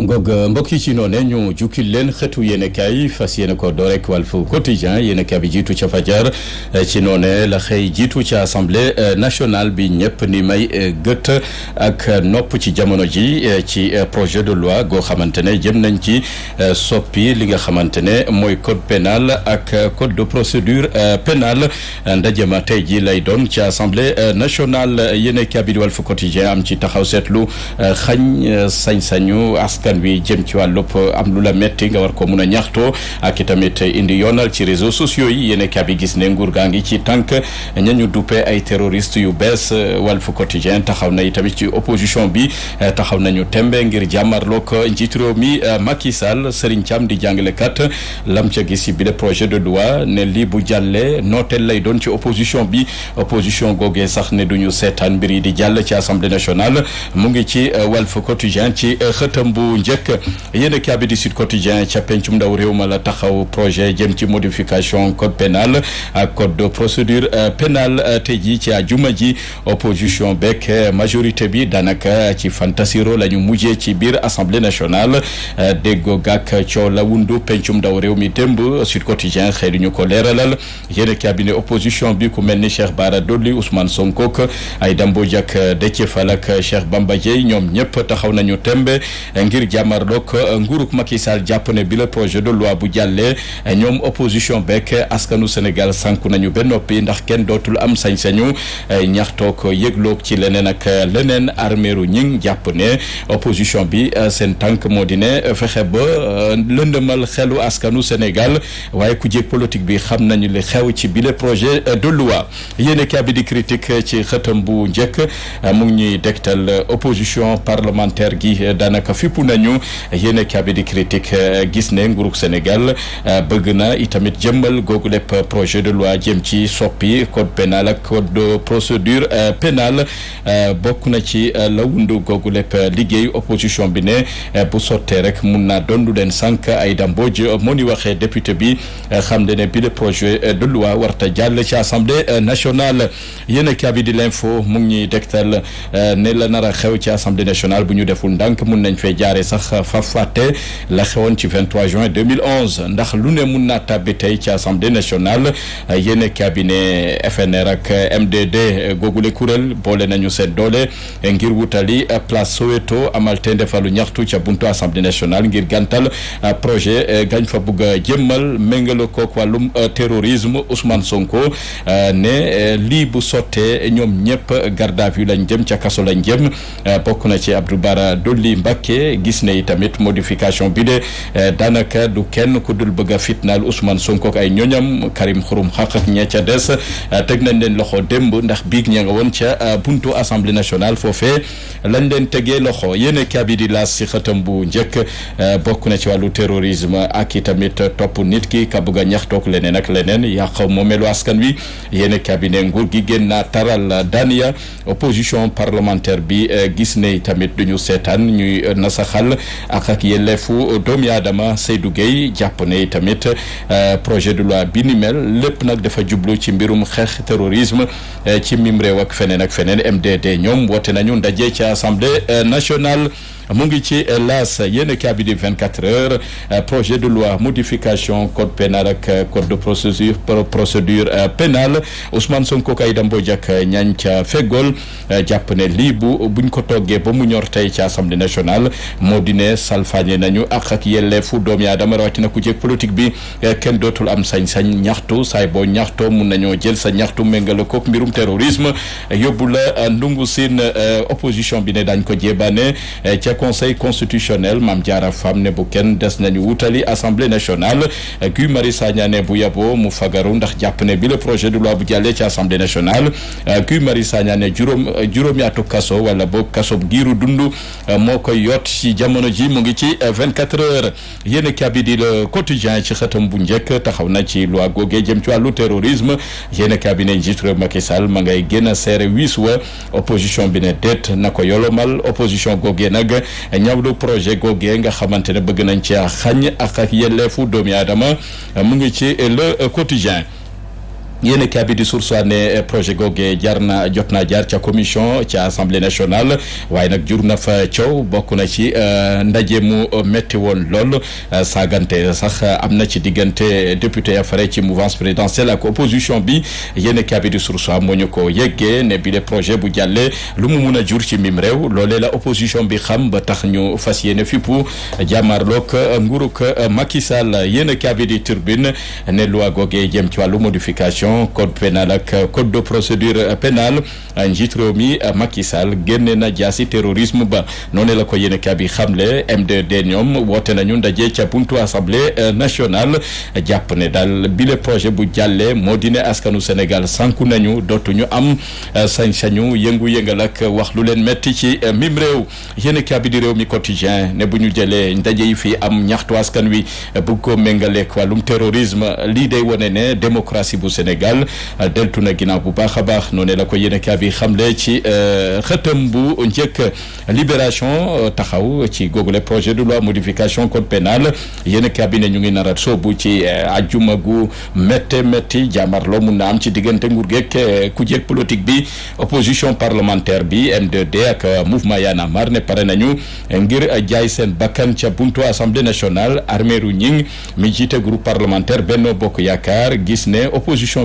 ngoog euh, mbokk yi ci noonu ñu jukkil leen xëtu yéen kaay fas yéene ko door rek Walf Quotidien yéen kaay bi jiitu ca fajar euh, ci noonu la xëy jiitu ca assemblée euh, nationale bi ñëpp ni may gët ak nopp ci jamono ji ci projet de loi goo xamante ne jëm nañ ci soppi li nga xamante ne mooy code pénal ak code de procédure pénale ndaje ma tey ji lay doon ci assemblée nationale yéen kaay bi di Walf am ci taxaw seetlu xañ sañ-sañu askan askan wi jëm ci wàllub euh, am lu la metti nga war indi yoonal ci réseaux sociaux yi yéen a bi gis ne nguur gaa ngi ci tànk ñañu duppee ay terroriste yu bees Walf Quotidien taxaw na itamit ci opposition bi euh, taxaw nañu tembe ngir jàmmarloog njiitu réew mi euh, Macky Sall Serigne Thiam di jàngalekat lam ca gis bi le projet de loi ne lii bu jàllee nooteel lay doon ci opposition bi opposition googee sax ne duñu seetaan mbir yi di jàll ci assemblée nationale mu ngi ci Walf Quotidien ci xëtam njëkk yéen a kaabi di Sud Quotidien ca pencum ndaw réew mala taxaw projet jëm ci modification code pénal ak code de procédure euh, pénale euh, te ji ci àjuma ji opposition beeg euh, majorité bi daanaka ci fantasiro la ñu mujjee ci biir assemblée nationale déggoo gàkk coow la wundu pencum ndaw réew mi démb Sud Quotidien xëy ñu ko leeralal yéen a kaabi ne opposition bi ku mel ni Cheikh Bara Dolly Ousmane Sonko ay dambo jak Déthié Fall ak Cheikh Bamba ñoom ñëpp taxaw nañu tembe jàmmarloog euh, nguurug Macky Sall jàpp ne bi projet de loi bu jàllee euh, ñoom opposition beeg askanu Sénégal sànku nañu ba noppi ndax kenn dootul am sañ-sañu euh, ñaxtoo ko yëgloog ci leneen ak leneen armeeru ñing jàpp ne opposition bi seen tànk moo di ne fexe ba lëndëmal xelu askanu Sénégal waaye ku jéeg politique bi xam nañu li xew ci bile projet de loi yéen a critique ci xëtam bu njëkk mu ñuy dégtal opposition parlementaire gi daanaka fippu nañu nañu yéen kabi di critique euh, gis ne nguurug Sénégal euh, bëgg na itamit jëmmal googu lépp projet de loi jëm ci soppi code pénal ak code de procédure euh, pénale bokk na ci la wundu googu lépp liggéey opposition bi ne bu sottee rek mun naa doon lu leen sànq ay damboj moo ni waxee député bi xam ne ne bi le projet de loi warta jàll ci assemblée nationale yenn kabi di l'info mu ngi ñuy dektal ne la nar a xew ci assemblée nationale bu ñu deful ndànk mun nañ fee jaaree sax fa fàtte la xewoon ci 23 juin 2011 ndax lu ne mun naa tàbbi tey ci assemblée nationale yéen cabinet FNR ak MDD googule kuréel boole nañu seen doole ngir wutali place Soweto amal te ndefalu ñaxtu ca buntu assemblée national ngir gàntal projet eh, gañ fa bugg a jëmmal méngale kook wàllum eh, terrorisme Ousmane Sonko eh, ne lii bu sottee ñoom ñëpp garde à lañ jëm ca kaso lañ jëm bokk na ci Abdou Bara Dolly Mbacké gis gis ne tamit modification bi de eh, daanaka du kenn ku dul bëgg a fitnaal Ousmane Sonko ak ay ñoñam Karim Xurum Xaq ak ña ca des eh, teg nañ leen loxo demb ndax biig ña nga woon ca eh, buntu assemblée nationale foofee lañ leen tegee loxo yéene kabidi laas si xëtam bu njëkk bokk na ci wàllu terrorisme ak i tamit topp nit ki ka bëgg a ñax toog leneen ak leneen yàq moomelu askan wi yéene cabinet nguur gi génn naa taral daan ya opposition parlementaire bi gis ne tamit duñu seetaan ñuy nasaxal sàmmal ak ak doom doomi aadama Seydou Gueye jàpp ne tamit euh, projet de loi bi ni mel lépp nag dafa jublu ci mbirum xeex terrorisme euh, ci mim réew ak feneen ak feneen MDD ñoom woote nañu ndaje ci assemblée euh, nationale. mu ngi ci euh, las yéen a vingt quatre 24 heures euh, projet de loi modification code pénal ak euh, code de procédure procédure pénale Ousmane Sonko kay dambo jak ñañ ca feggool jàpp ne lii bu buñ ko toggee ba mu ñor tey ci assemblée nationale moo di ne nañu ak ak doom yaa dama rawatina ku jeeg politique bi kenn dootul am sañ-sañ ñaxtu saay boo ñaxtoo mun nañoo jël sa ñaxtu méngale kook mbirum terrorisme yóbbu la ndungu siin opposition bi ne dañ ko jébaane conseil constitutionnel Mame Diarra Fam ne bu kenn des nañu wutali assemblée nationale Guy mari Sagna bu yabo mu fagaru ndax jàpp ne bi le projet de loi bu jàllee ci assemblée nationale Guy Marius Sagna ne juróom juróomi atu wala boog kaso giiru dund moo koy yoot ci jamono ji mu ngi ci 24 heures yéen kabi di le quotidien ci xëtam bu njëkk taxaw na ci loi googee jëm ci wàllu terrorisme yéen kabi ne njiit réew Macky ma ngay gën a seere wiis wa opposition bi ne déet na ko yolomal opposition ñaawlu projet googee nga xamante ne bëgg nañ ci xañ ak ak yelleefu doomi aadama mu ngi ci le quotidien yéen kaay bi di source ne eh, projet googe jaar na jot naa jaar ca commission ca assemblée nationale waaye nag jur na fa coow bokk na ci eh, ndaje mu metti woon lool eh, saagante sax am na ci diggante député ya ci mouvance présidentielle ak opposition bi yéen kaay bi di source moo ñu ko yeggee ne bi le projet bu jàllee lu mu mun a jur ci miim réew loolee la opposition bi xam ba tax ñu fas yéene fippu jàmmarloog nguurug Macky Sall yéen kaay bi di turbine ne loi jëm ci wàllu modification. infraction code pénal ak euh, code de procédure euh, pénale njiit réew mi euh, Macky Sall génne na jaasi terrorisme ba noonu la ko yéene bi xamle M2D ñoom woote nañu ndaje ca buntu assemblée nationale jàpp ne daal bile projet bu jàllee moo di ne askanu Sénégal sànku nañu dootuñu am sañ-sañu yëngu-yëngal ak wax lu leen métti ci mim réew yéene kaa bi di réew mi quotidien ne bu ñu jëlee ndaje yi fii am ñaxtu askan wi bëgg ko méngaleek wàllum terrorisme lii day wone ne démocratie bu Sénégal deltu na ginnaaw bu baax a baax noonu la ko yéenekaay bi xamle ci euh, xëtam bu njëkk libération euh, taxaw ci googule projet de loi modification code pénal yéenekaay bi ne ñu ngi narat bu ci euh, ajuma gu métte métti jàmmarloo mun na am ci diggante nguur geek ku jeeg politique bi opposition parlementaire bi M2D ak mouvement Y'en a marre ne pare nañu ngir jaay seen bakkan ca buntu assemblée nationale Aymérou Gningue mi jiite groupe parlementaire Benno Bokk Yaakaar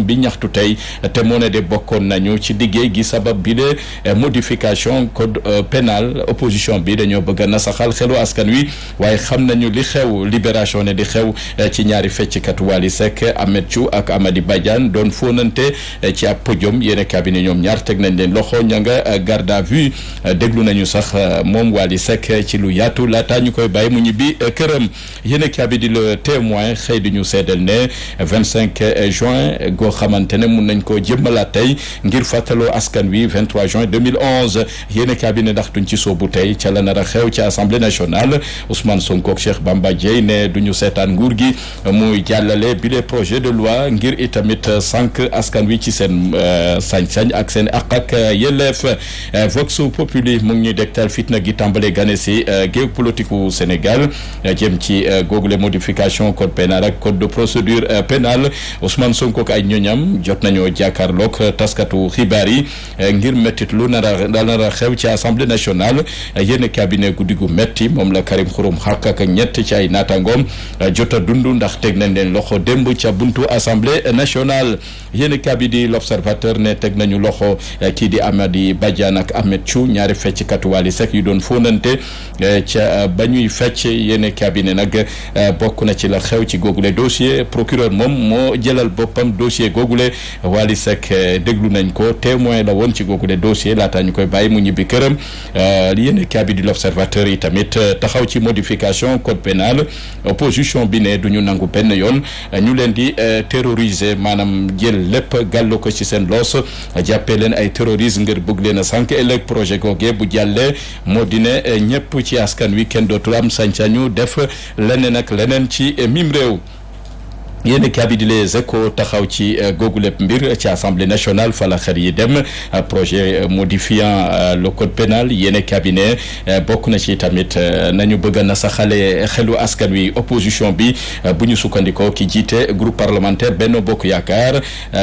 bi ñaxtu tey te moo ne de bokkoon nañu ci liggéey gi sabab bi le eh, modification code euh, pénal opposition bi dañoo bëgg a nasaxal xelu askan wi waaye xam nañu li xew libération ne di xew eh, ci ñaari fecckat Wally Seck Ahmed Thiou ak Amady Badiane doon fóonante eh, ci ab podium yéen a ñoom ñaar teg nañ leen loxo ña nga garde à vue déglu nañu sax moom Wally Seck ci lu yaatu laataa ñu koy bàyyi mu ñibbi këram yéen a cabinet di témoin xëy di ñu seedal ne juin gox xamante ne mun nañ koo jëmmalaat tey ngir fàttaloo askan wi 23 juin 2011 yéen a cabinet ndax duñ ci bu tey ca la nara a xew ci assemblée nationale Ousmane Sonko ak Cheikh Bamba Dièye ne duñu seetaan nguur gi muy jàllale bile projet de loi ngir itamit sànq askan wi ci seen euh, sañ-sañ ak seen àq ak yelleef Vox Populi mu ngi ñuy fitna gi tàmbale gane si euh, géew politique u Sénégal euh, jëm ci googule modification code pénal ak code de procédure pénale Ousmane Sonko ak ay ñoñam jot nañoo jàkkaarloog taskatu xibaar yi eh, ngir méttit lu nar a xew ci assemblée nationale yenn cabinet guddi gu métti moom la Karim Xurum Xaq ak ñett ci ay naataangoom eh, jot a dund ndax teg nañ leen loxo démb ca buntu assemblée nationale yenn cabinet l'observateur ne teg nañu loxo eh, kii di Amady Badiane ak Ahmed Thiou ñaari fecc katuwaali sek yu doon fóonante ca ba ñuy fecc yenn cabinet nag bokk na ci la xew ci googule dossier procureur moom moo jëlal boppam dossier googule Wally Seck eh, déglu nañ ko témoin la woon ci googule dossier laata ñu koy bàyyi mu ñibbi këram euh, yéen kaabi di l'observateur yi tamit euh, taxaw ci modification code pénal opposition bi ne du ñu nangu benn yoon ñu leen di euh, terroriser maanaam jël lépp gàllu ko ci seen loos jàppee leen ay terroriste ngir bëgg leen a sànq ëllëg projet googee bu jàllee moo di ne ñëpp ci askan wi kenn dootul am sañ-sañu def leneen ak leneen ci mim réew yéen kabi di les taxaw ci euh, googu lépp mbir ci assemblée nationale fala xel yi dem euh, projet euh, modifiant le code pénal yéen cabinet bokk na ci tamit nañu bëgg na sa xale xelu askan wi opposition bi bu ñu sukkandikoo ki jiite groupe parlementaire benn Bokk Yaakaar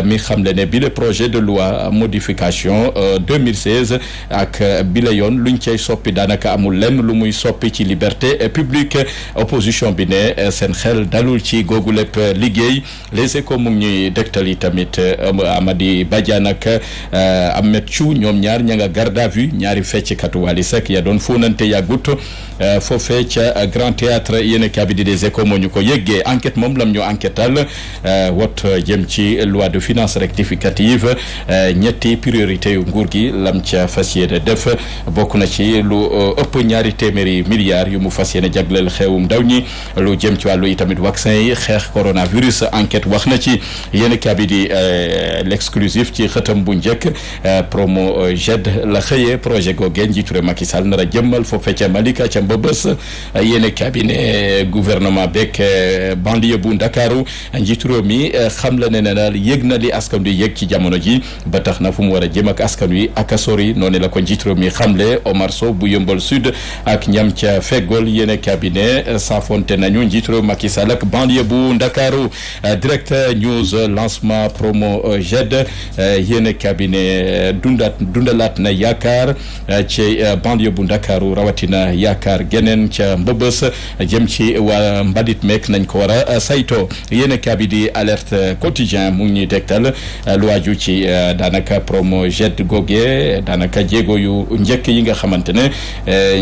mi xamle ne bi le projet de loi modification 2016 ak bi la yoon luñ cey soppi daanaka amul lem lu muy soppi ci liberté publique opposition bi ne seen xel dalul ci googu lépp liggéey les échos mu ngi ñuy dégtal yi tamit euh, Amady Badiane ak euh, Ahmed Thiou ñoom ñaar ña nga garde à vue ñaari feccikat Wally Seck ya doon fóonante yàggut euh, foofee ca Grand Théâtre yéen a des échos moo ñu ko yëggee enquête moom lam ñu enquêtal wot jëm ci loi de finance rectificative ñetti priorité yu nguur gi lam ca fas yéene def bokk na ci lu ëpp ñaari téeméeri milliards yu mu fas yéene jagleel xewum ndaw ñi lu jëm ci wàllu itamit vaccin yi xeex coronavirus coronavirus enquête wax na ci yéen a di euh, l'exclusif ci xëtam bu njëkk euh, promo euh, JED la xëyee projet googee njiitu réew Macky Sall nar a jëmmal foofee ca Malika ca Mbëbës yéen a ne gouvernement beeg banlieue bu Ndakaaru njiitu mi xam la ne ne daal yëg na li askan wi yëg ci jamono ji ba tax na fu mu war a jëm ak askan wi ak sori noonu la ko njiitu mi xamle Omar Sow bu yëmbal sud ak ñam ca feggool yéen a saafonte nañu njiitu réew ak banlieue bu Ndakaaru Sow euh, direct news euh, lancement promo euh, GED yéen cabinet dundaat dundalaat na yaakaar ci banlieue bu Ndakaaru rawatina yaakaar geneen ca Mbëbës jëm ci waa mbalit meek nañ ko war sayto yéen cabinet di alerte quotidien mu ngi ñuy tegtal lu waaju ci daanaka promo GED goge daanaka jéego yu njëkk yi nga xamante ne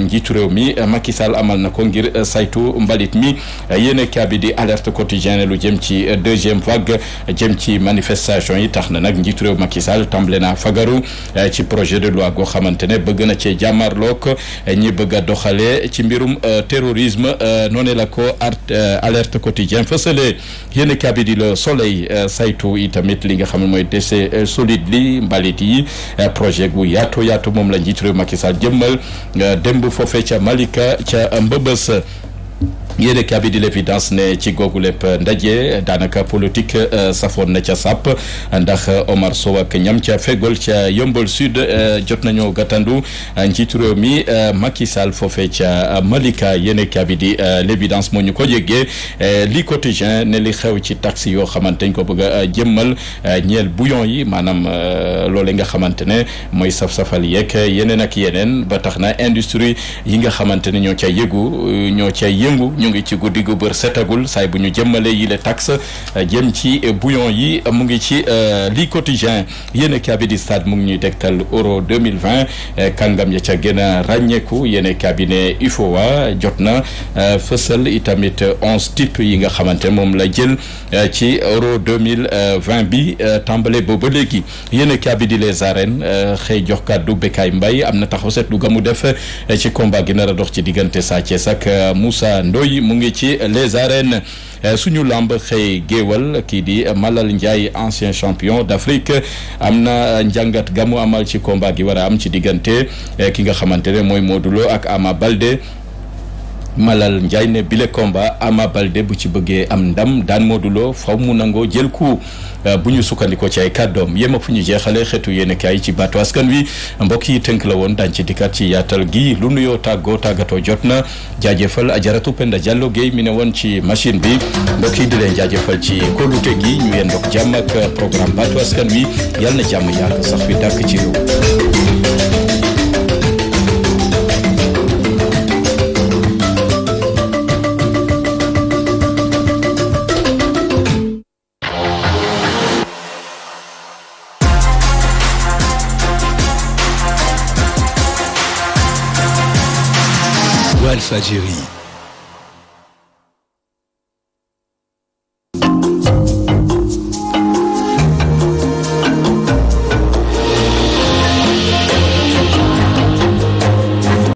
njiitu réew mi Macky Sall amal na ko ngir saytu mbalit mi yéen cabinet di alerte lu jëm jëm ci euh, deuxième vague jëm ci manifestation yi tax na nag njiitu réew Macky Sall naa fagaru euh, ci projet de loi goo xamante ne bëgg na cee jàmmarloog euh, ñi bëgg a doxalee ci mbirum terrorisme noonu la ko art alerte quotidien fësale yéen kabi di le soleil saytu yi tamit li nga xam ne mooy décès solide li mbalit yi projet gu yaatu yaatu moom la njiitu réew Macky Sall jëmmal démb foofee ca Malika ca Mbëbës yéene ka bi di l'évidence ne ci googu lépp ndaje daanaka politique euh, safoon na ca sàpp ndax euh, Omar Sow ak ñam ca fegol ca Yombol Sud euh, jot nañoo gàttandu njiitu réew mi Macky Sall foofee ca Malika yéene ka bi di l'évidence moo ñu ko yëggee li quotidien ne li xew ci taxi yoo xamante ñu ko bëgg a jëmmal ñeel bouillon yi maanaam yi nga xamante ne mooy saf-safal yeeg yeneen ak yeneen ba tax na industrie yi nga xamante ne ñoo ca yëgu ñoo ca yëngu ngi ci guddi gu bër setagul saay bu ñu jëmmalee yile taxe euh, jëm ci euh, bouillon yi euh, mu ngi ci li quotidien yéen a cabinet stade mu ngi ñuy degtal euro 2020 kàngam ya ca gën a ràññeeku yéen a cabinet UFOA jot na fësal itamit onze types yi nga xamante moom la jël ci euro 2020 bi tàmbale booba léegi yéen a cabinet les arènes xëy jox kàddu Bekay mbay am na taxaw seetlu ga mu def ci combat gi nar a dox ci diggante Sa Thiès ak Moussa mu ngi ci les arènes euh, suñu lamb xëy géewal kii di Malal Ndiaye ancien champion d'Afrique am na njàngat mu amal ci combat gi war a am ci diggante euh, ki nga xamante ne mooy Modou ak Ama Balde Malal Ndiaye ne bile combat Ama Balde bu ci bëggee am ndam daan Modou Lo faw mu nangoo jël coup Euh, bu ñu sukkandikoo ci ay kàddoom yéem a fu ñu jeexalee xeetu yéen kaay ci baatu askan wi mbokk yi tënk la woon daañu ci dikkat ci yaatal gi lu nuyoo tàggoo tàggatoo jot na jaajëfal ajaratu Penda Diallo Guèye mi ne woon ci machine bi mbokk yi di leen jaajëfal ci kóolute gi ñu yendoog jàmm ak programme baatu askan wi yàlla na jàmm yàgg sax fi dàkk ci réew Algérie.